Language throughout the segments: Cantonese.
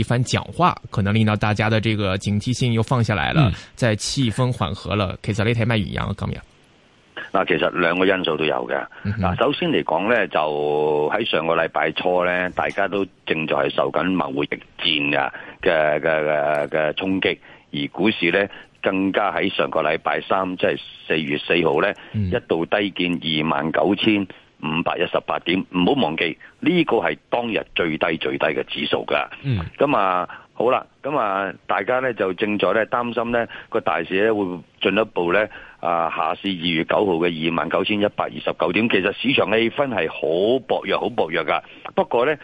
一番講話可能令到大家嘅這個警惕性又放下來了，再、嗯、氣氛緩和了。其實呢咪一樣咁樣嗱，其實兩個因素都有嘅。嗱、嗯，首先嚟講呢，就喺上個禮拜初呢，大家都正在係受緊貿易戰嘅嘅嘅嘅嘅衝擊，而股市呢，更加喺上個禮拜三，即係四月四號呢，一度低見二萬九千。嗯五百一十八點，唔好忘記呢個係當日最低最低嘅指數噶。咁、嗯、啊、嗯，好啦，咁、嗯、啊，大家咧就正在咧擔心咧個大市咧會進一步咧啊下試二月九號嘅二萬九千一百二十九點。其實市場氣氛係好薄弱，好薄弱噶。不過咧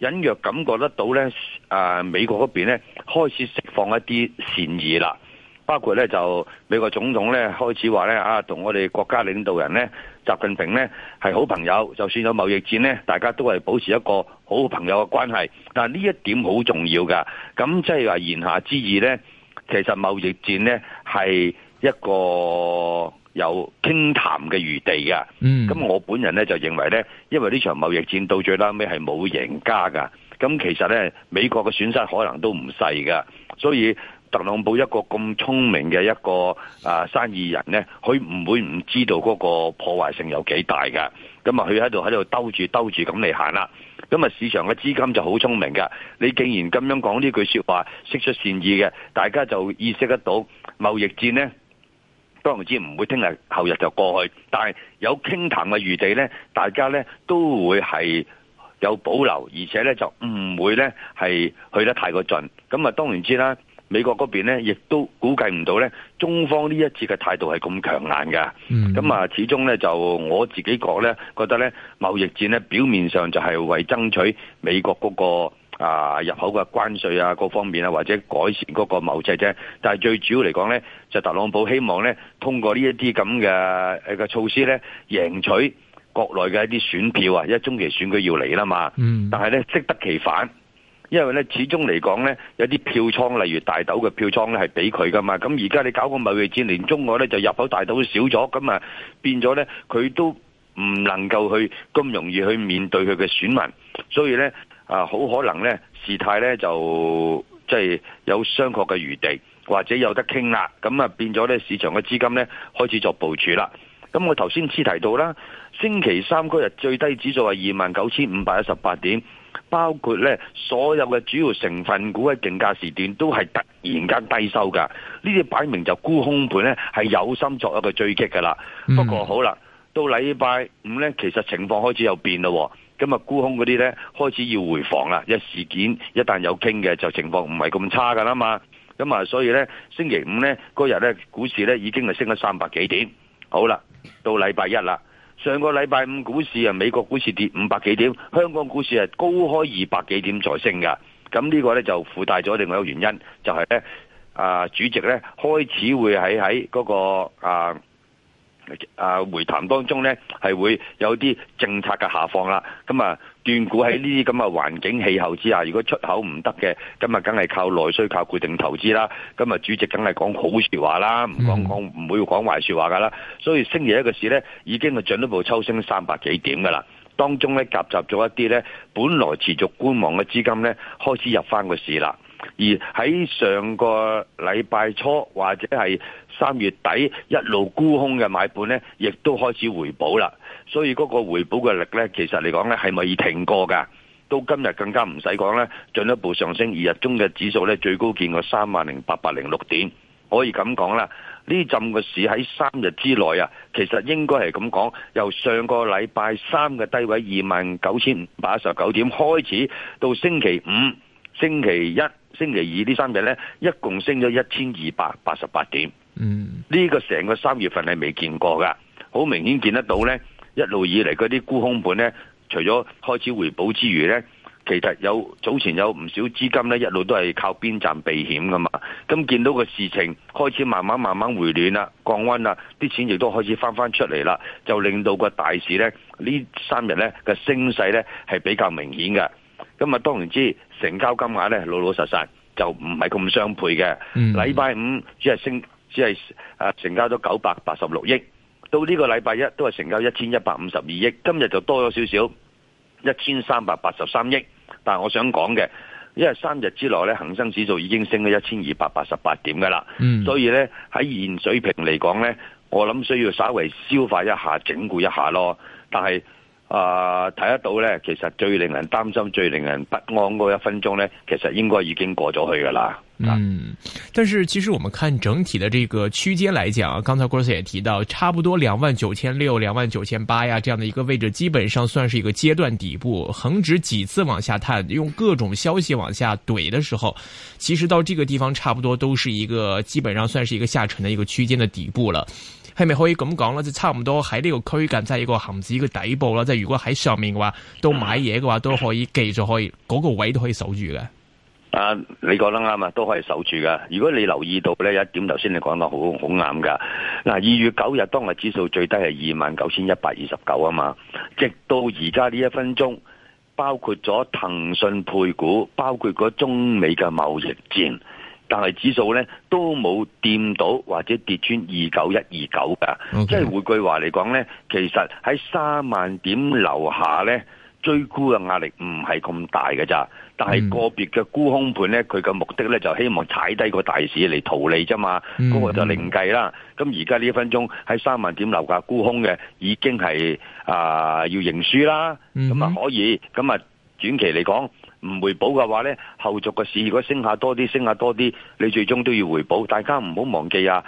隱約感覺得到咧啊美國嗰邊咧開始釋放一啲善意啦，包括咧就美國總統咧開始話咧啊同我哋國家領導人咧。習近平咧係好朋友，就算有貿易戰咧，大家都係保持一個好朋友嘅關係。但係呢一點好重要噶。咁即係話言下之意咧，其實貿易戰咧係一個有傾談嘅餘地嘅。嗯。咁我本人咧就認為咧，因為呢場貿易戰到最拉尾係冇贏家㗎。咁其實咧，美國嘅損失可能都唔細㗎。所以特朗普一個咁聰明嘅一個啊生意人呢，佢唔會唔知道嗰個破壞性有幾大㗎。咁啊佢喺度喺度兜住兜住咁嚟行啦，咁啊市場嘅資金就好聰明㗎。你既然咁樣講呢句說話，釋出善意嘅，大家就意識得到貿易戰呢，當然之唔會聽日後日就過去，但係有傾談嘅餘地呢，大家呢都會係有保留，而且呢就唔會呢係去得太過盡，咁啊當然之啦。美國嗰邊咧，亦都估計唔到咧，中方呢一次嘅態度係咁強硬㗎。咁、嗯、啊，始終咧就我自己覺咧，覺得咧貿易戰咧表面上就係為爭取美國嗰、嗰個啊入口嘅關稅啊各方面啊，或者改善嗰個貿易啫。但係最主要嚟講咧，就是、特朗普希望咧通過呢一啲咁嘅誒嘅措施咧，贏取國內嘅一啲選票啊，因為中期選舉要嚟啦嘛。嗯、但係咧，適得其反。因為咧，始終嚟講咧，有啲票倉，例如大豆嘅票倉咧，係俾佢噶嘛。咁而家你搞個貿易戰，連中國咧就入口大豆都少咗，咁啊變咗咧，佢都唔能夠去咁容易去面對佢嘅選民，所以咧啊，好可能咧事態咧就即係有商榷嘅餘地，或者有得傾啦。咁啊變咗咧，市場嘅資金咧開始作部署啦。咁我頭先先提到啦，星期三嗰日最低指數係二萬九千五百一十八點，包括咧所有嘅主要成分股嘅競價時段都係突然間低收噶，呢啲擺明就沽空盤咧係有心作一個追擊噶啦。不過好啦，到禮拜五咧，其實情況開始有變咯。咁啊沽空嗰啲咧開始要回防啦，一事件一旦有傾嘅就情況唔係咁差噶啦嘛。咁啊所以咧星期五咧嗰日咧股市咧已經係升咗三百幾點。好啦，到禮拜一啦。上個禮拜五股市啊，美國股市跌五百幾點，香港股市係高開二百幾點才升噶。咁呢個呢，就附帶咗另外一個原因，就係呢啊，主席呢開始會喺喺嗰個啊啊會談當中呢，係會有啲政策嘅下放啦。咁啊。斷估喺呢啲咁嘅環境氣候之下，如果出口唔得嘅，今日梗係靠內需、靠固定投資啦。今日主席梗係講好說話啦、嗯、說話啦，唔講，講唔會講壞說話噶啦。所以星期一嘅市呢，已經係進一步抽升三百幾點噶啦。當中呢，夾雜咗一啲呢，本來持續觀望嘅資金呢，開始入翻個市啦。而喺上個禮拜初或者係。三月底一路沽空嘅買盤呢，亦都開始回補啦。所以嗰個回補嘅力呢，其實嚟講呢，係未停過噶。到今日更加唔使講呢，進一步上升。二日中嘅指數呢，最高見過三萬零八百零六點。可以咁講啦，呢陣個市喺三日之內啊，其實應該係咁講，由上個禮拜三嘅低位二萬九千五百一十九點開始，到星期五、星期一、星期二呢三日呢，一共升咗一千二百八十八點。嗯，呢個成個三月份係未見過噶，好明顯見得到呢，一路以嚟嗰啲沽空盤呢，除咗開始回補之餘呢，其實有早前有唔少資金呢，一路都係靠邊站避險噶嘛。咁見到個事情開始慢慢慢慢回暖啦，降溫啦，啲錢亦都開始翻翻出嚟啦，就令到個大市呢，三呢三日呢嘅升勢呢係比較明顯嘅。咁啊，當然之成交金額呢老老實實就唔係咁相配嘅。禮拜五只係、即係、升。只係啊、呃、成交咗九百八十六億，到呢個禮拜一都係成交一千一百五十二億，今日就多咗少少一千三百八十三億。但係我想講嘅，因為三日之內咧，恆生指數已經升咗一千二百八十八點㗎啦、嗯，所以咧喺現水平嚟講咧，我諗需要稍微消化一下、整固一下咯。但係。啊、呃、睇得到呢，其實最令人擔心、最令人不安嗰一分鐘呢，其實應該已經過咗去噶啦、啊。嗯，但是其實我們看整體的這個區間來講、啊，剛才郭生也提到，差不多兩萬九千六、兩萬九千八呀，這樣的一個位置，基本上算是一個階段底部。恒指幾次往下探，用各種消息往下懟的時候，其實到這個地方，差不多都是一個基本上算是一個下沉的一個區間的底部了。係咪可以咁講咧？就差唔多喺呢個區間，即係一個恒指嘅底部啦。即係如果喺上面嘅話，都買嘢嘅話，都可以繼續可以嗰個位都可以守住嘅。啊，你講得啱啊，都可以守住噶。如果你留意到呢一點，頭先你講得好好啱噶。嗱，二月九日當日指數最低係二萬九千一百二十九啊嘛，直到而家呢一分鐘，包括咗騰訊配股，包括個中美嘅貿易戰。但係指數咧都冇掂到或者跌穿二九一二九㗎，即係換句話嚟講咧，其實喺三萬點樓下咧追沽嘅壓力唔係咁大㗎咋，但係個別嘅沽空盤咧佢嘅目的咧就是、希望踩低個大市嚟逃利啫嘛，嗰、mm-hmm. 個就另計啦。咁而家呢一分鐘喺三萬點樓下沽空嘅已經係啊、呃、要認輸啦，咁、mm-hmm. 啊可以，咁啊短期嚟講。唔回補嘅話呢，後續個市如果升下多啲，升下多啲，你最終都要回補。大家唔好忘記啊，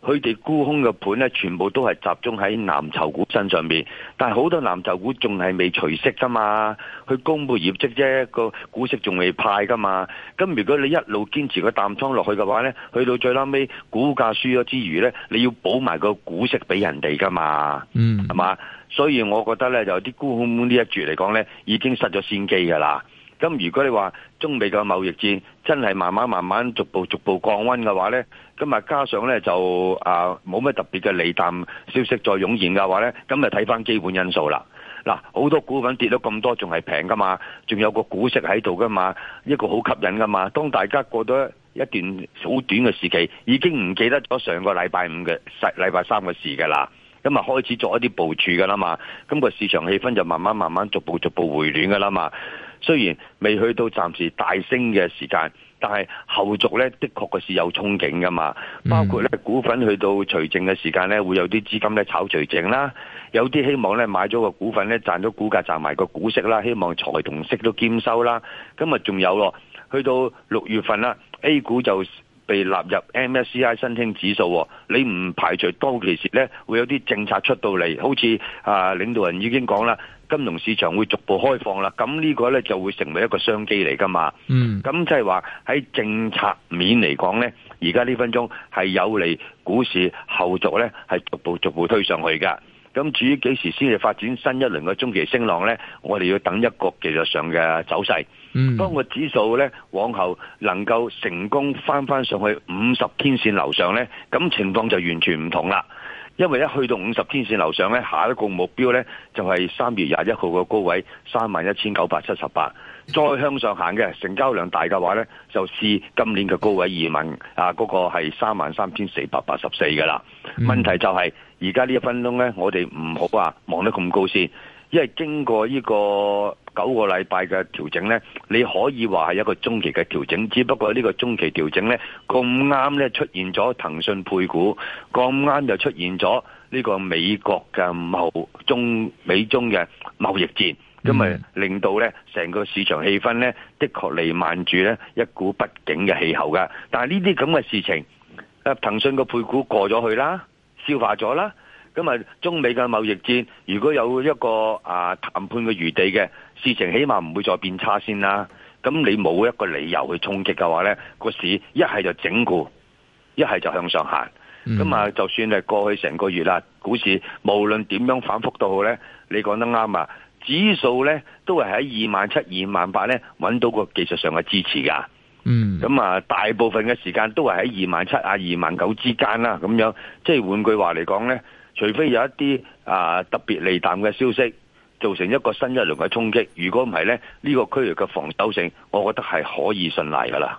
佢哋沽空嘅盤呢，全部都係集中喺藍籌股身上面。但係好多藍籌股仲係未除息噶嘛，佢公布業績啫，個股息仲未派噶嘛。咁如果你一路堅持個淡倉落去嘅話呢，去到最拉尾，股價輸咗之餘呢，你要補埋個股息俾人哋噶嘛，嗯，係嘛？所以我覺得呢，就啲沽空呢一注嚟講呢，已經失咗先機噶啦。咁如果你話中美嘅貿易戰真係慢慢慢慢逐步逐步降溫嘅話呢，今日加上呢就啊冇咩特別嘅利淡消息再湧現嘅話呢，今日睇翻基本因素啦。嗱，好多股份跌咗咁多，仲係平噶嘛，仲有個股息喺度噶嘛，一個好吸引噶嘛。當大家過咗一段好短嘅時期，已經唔記得咗上個禮拜五嘅禮拜三嘅事嘅啦，咁啊開始做一啲部署㗎啦嘛，咁個市場氣氛就慢慢慢慢逐步逐步回暖㗎啦嘛。雖然未去到暫時大升嘅時間，但係後續咧，的確係是有憧憬噶嘛。包括咧股份去到除淨嘅時間咧，會有啲資金咧炒除淨啦，有啲希望咧買咗個股份咧賺咗股價賺埋個股息啦，希望財同息都兼收啦。咁日仲有咯，去到六月份啦，A 股就。被納入 MSCI 新興指數，你唔排除當其時咧會有啲政策出到嚟，好似啊領導人已經講啦，金融市場會逐步開放啦，咁呢個咧就會成為一個商機嚟㗎嘛。嗯，咁即係話喺政策面嚟講咧，而家呢分鐘係有利股市後續咧係逐步逐步推上去㗎。咁至於幾時先至發展新一輪嘅中期升浪咧，我哋要等一個技術上嘅走勢。當、嗯、個指數咧往後能夠成功翻翻上去五十天線樓上咧，咁情況就完全唔同啦。因為一去到五十天線樓上咧，下一個目標咧就係、是、三月廿一號個高位三萬一千九百七十八，再向上行嘅成交量大嘅話咧，就試、是、今年嘅高位二萬啊嗰、那個係三萬三千四百八十四噶啦。問題就係而家呢一分鐘咧，我哋唔好話望得咁高先。因為經過呢個九個禮拜嘅調整呢，你可以話係一個中期嘅調整，只不過呢個中期調整呢咁啱呢出現咗騰訊配股，咁啱就出現咗呢個美國嘅貿中美中嘅貿易戰，咁、嗯、咪令到呢成個市場氣氛呢的確瀰漫住呢一股不景嘅氣候㗎。但係呢啲咁嘅事情，騰訊嘅配股過咗去啦，消化咗啦。咁啊，中美嘅貿易戰，如果有一個啊談判嘅餘地嘅事情，起碼唔會再變差先啦。咁你冇一個理由去衝擊嘅話呢，個市一係就整固，一係就向上行。咁、嗯、啊，就算係過去成個月啦，股市無論點樣反覆都好呢，你講得啱啊！指數呢都係喺二萬七、二萬八呢揾到個技術上嘅支持噶。嗯。咁啊，大部分嘅時間都係喺二萬七啊、二萬九之間啦，咁樣即係換句話嚟講呢。除非有一啲啊特別利淡嘅消息造成一個新一輪嘅衝擊，如果唔係咧，呢個區域嘅防守性，我覺得係可以信賴噶啦。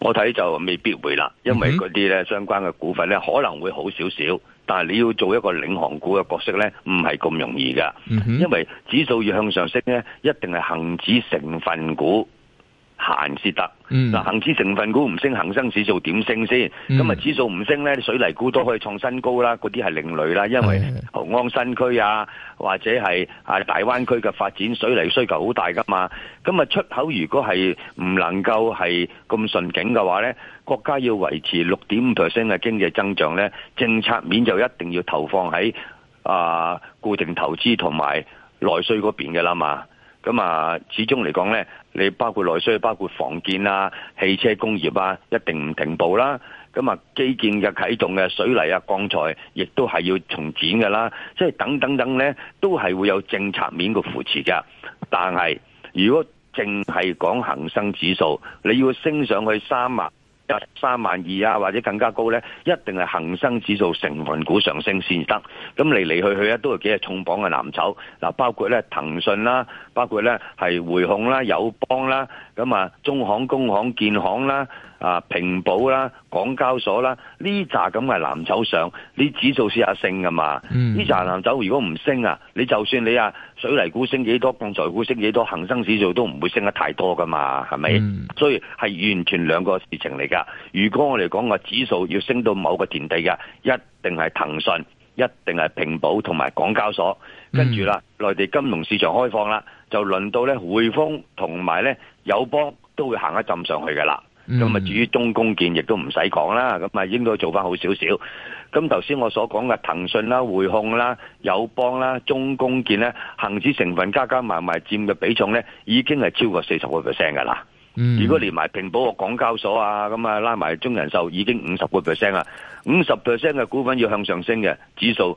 我睇就未必會啦，因為嗰啲咧相關嘅股份咧，可能會好少少，但係你要做一個領航股嘅角色咧，唔係咁容易噶，因為指數要向上升咧，一定係恒指成份股。行先得，嗱，恒指成分股唔升，恒生指數點升先？咁啊，指數唔升咧，水泥股都可以創新高啦，嗰啲係另類啦，因為雄安新區啊，或者係啊大灣區嘅發展，水泥需求好大噶嘛。咁啊，出口如果係唔能夠係咁順境嘅話咧，國家要維持六點五 percent 嘅經濟增長咧，政策面就一定要投放喺啊、呃、固定投資同埋內需嗰邊嘅啦嘛。咁啊，始終嚟講呢，你包括內需，包括房建啊、汽車工業啊，一定唔停步啦。咁啊，基建嘅啟動嘅水泥啊、鋼材，亦都係要重展噶啦。即係等等等呢，都係會有政策面嘅扶持噶。但係如果淨係講恒生指數，你要升上去三萬、三萬二啊，或者更加高呢，一定係恒生指數成分股上升先得。咁嚟嚟去去咧，都係幾日重磅嘅藍籌，嗱，包括呢騰訊啦。包括咧係匯控啦、友邦啦、咁啊中行、工行、建行啦、啊平保啦、港交所啦，呢扎咁係藍籌上，你指數試下升噶嘛？呢紮藍籌如果唔升啊，你就算你啊水泥股升幾多、鋼材股升幾多、恒生指數都唔會升得太多噶嘛？係咪、嗯？所以係完全兩個事情嚟噶。如果我哋講個指數要升到某個田地嘅，一定係騰訊。一定係平保同埋港交所，跟住啦，內地金融市場開放啦，就輪到咧匯豐同埋咧友邦都會行一浸上去㗎啦。咁、嗯、啊至於中公建亦都唔使講啦，咁啊應該做翻好少少。咁頭先我所講嘅騰訊啦、匯控啦、友邦啦、中公建咧，恆指成分加加埋埋佔嘅比重咧，已經係超過四十個 percent 㗎啦。嗯、如果連埋平保個港交所啊，咁啊拉埋中人壽已經五十個 percent 啦，五十 percent 嘅股份要向上升嘅指數。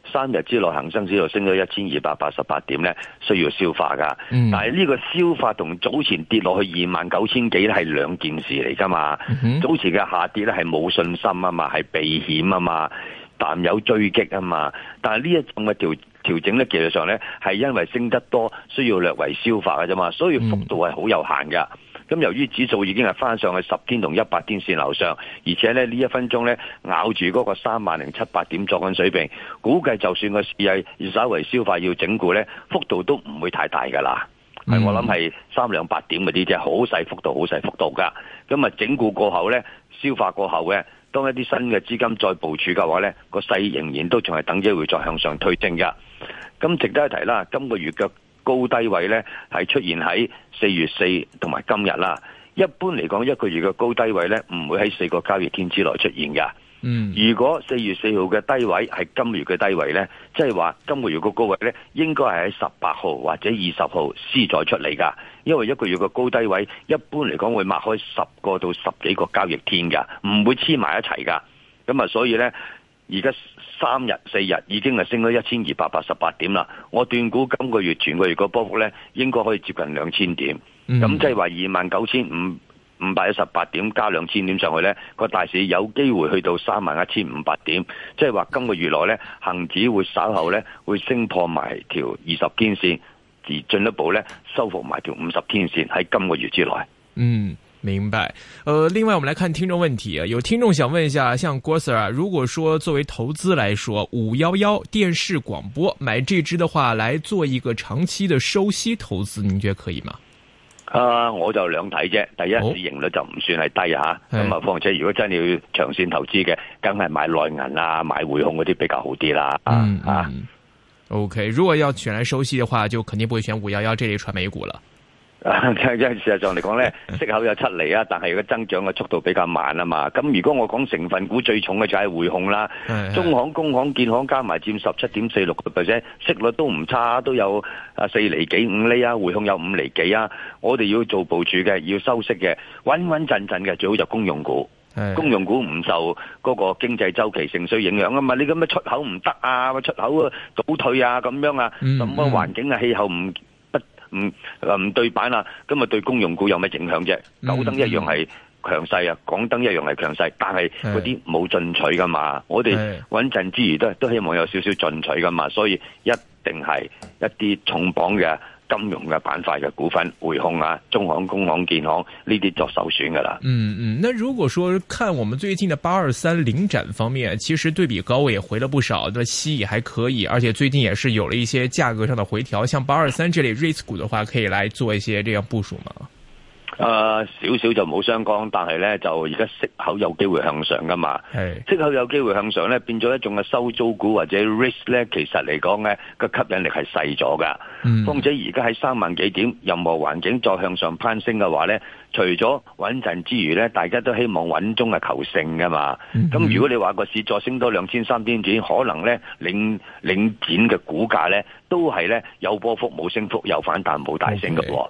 三日之內恒生指數升咗一千二百八十八點咧，需要消化噶。但係呢個消化同早前跌落去二萬九千幾係兩件事嚟㗎嘛。早前嘅下跌咧係冇信心啊嘛，係避險啊嘛，嘛，但有追擊啊嘛。但係呢一種嘅調調整咧，技術上咧係因為升得多，需要略為消化㗎啫嘛，所以幅度係好有限㗎。咁由於指數已經係翻上去十天同一百天線樓上，而且呢一分鐘呢，咬住嗰個三萬零七百點作緊水平，估計就算個市係稍微消化要整固呢，幅度都唔會太大噶啦。係、嗯、我諗係三兩百點嗰啲啫，好細幅度，好細幅度噶。咁、嗯、啊整固過後呢，消化過後呢，當一啲新嘅資金再部署嘅話呢，個勢仍然都仲係等機會再向上推進㗎。咁值得一提啦，今個月嘅高低位呢係出現喺四月四同埋今日啦，一般嚟講，一個月嘅高低位呢唔會喺四個交易天之內出現噶。嗯，如果四月四號嘅低位係今月嘅低位呢，即係話今個月個高位呢應該係喺十八號或者二十號先再出嚟噶。因為一個月嘅高低位，一般嚟講會擘開十個到十幾個交易天噶，唔會黐埋一齊噶。咁啊，所以呢。而家三日四日已經係升咗一千二百八十八點啦，我斷估今個月、全個月嘅波幅咧，應該可以接近兩千點。咁即係話二萬九千五五百一十八點加兩千點上去咧，個大市有機會去到三萬一千五百點。即係話今個月內咧，恒指會稍後咧會升破埋條二十天線，而進一步咧收復埋條五十天線喺今個月之內。嗯。明白，呃，另外我們來看聽眾問題啊，有聽眾想問一下，像郭 Sir 啊，如果說作為投資來說，五幺幺電視廣播買這支的話，來做一個長期的收息投資，您覺得可以嗎？啊、呃，我就兩睇啫，第一是、哦、盈率就唔算係低吓，咁、哦、啊，況且如果真係要長線投資嘅，梗係買內銀啊，買匯控嗰啲比較好啲啦啊啊。OK，如果要選來收息的話，就肯定不會選五幺幺這類傳媒股了。啊，即係事實上嚟講咧，息口有七厘啊，但係個增長嘅速度比較慢啊嘛。咁如果我講成分股最重嘅就係匯控啦，中行、工行、建行加埋佔十七點四六個 percent，息率都唔差，都有啊四厘幾、五厘啊，匯控有五厘幾啊。我哋要做部署嘅，要收息嘅，穩穩陣陣嘅，最好就公用股。公用股唔受嗰個經濟週期盛衰影響啊嘛。你咁樣出口唔得啊，出口倒退啊咁樣啊，咁個環境啊氣候唔唔唔對版啦，今日對公用股有咩影響啫、嗯？九燈一樣係強勢啊，港燈一樣係強勢，但係嗰啲冇進取噶嘛，我哋穩陣之餘都都希望有少少進取噶嘛，所以一定係一啲重磅嘅。金融嘅板塊嘅股份匯控啊，中行、工行、建行呢啲作首選㗎喇。嗯嗯，那如果說看我們最近嘅八二三領展方面，其實對比高位也回了不少，那息也還可以，而且最近也是有了一些價格上的回調，像八二三這類 REITs 股嘅話，可以來做一些這樣部署嘛？誒，少少就冇相干，但係呢就而家息口有機會向上噶嘛？息、hey. 口有機會向上呢，變咗一種嘅收租股或者 risk 呢，其實嚟講呢個吸引力係細咗噶。況、mm. 且而家喺三萬幾點，任何環境再向上攀升嘅話呢，除咗穩陣之餘呢，大家都希望穩中嘅求勝噶嘛。咁、mm-hmm. 如果你話個市再升多兩千三千點，可能呢領，領展嘅股價呢都係呢有波幅冇升幅，有反彈冇大升嘅喎。Okay.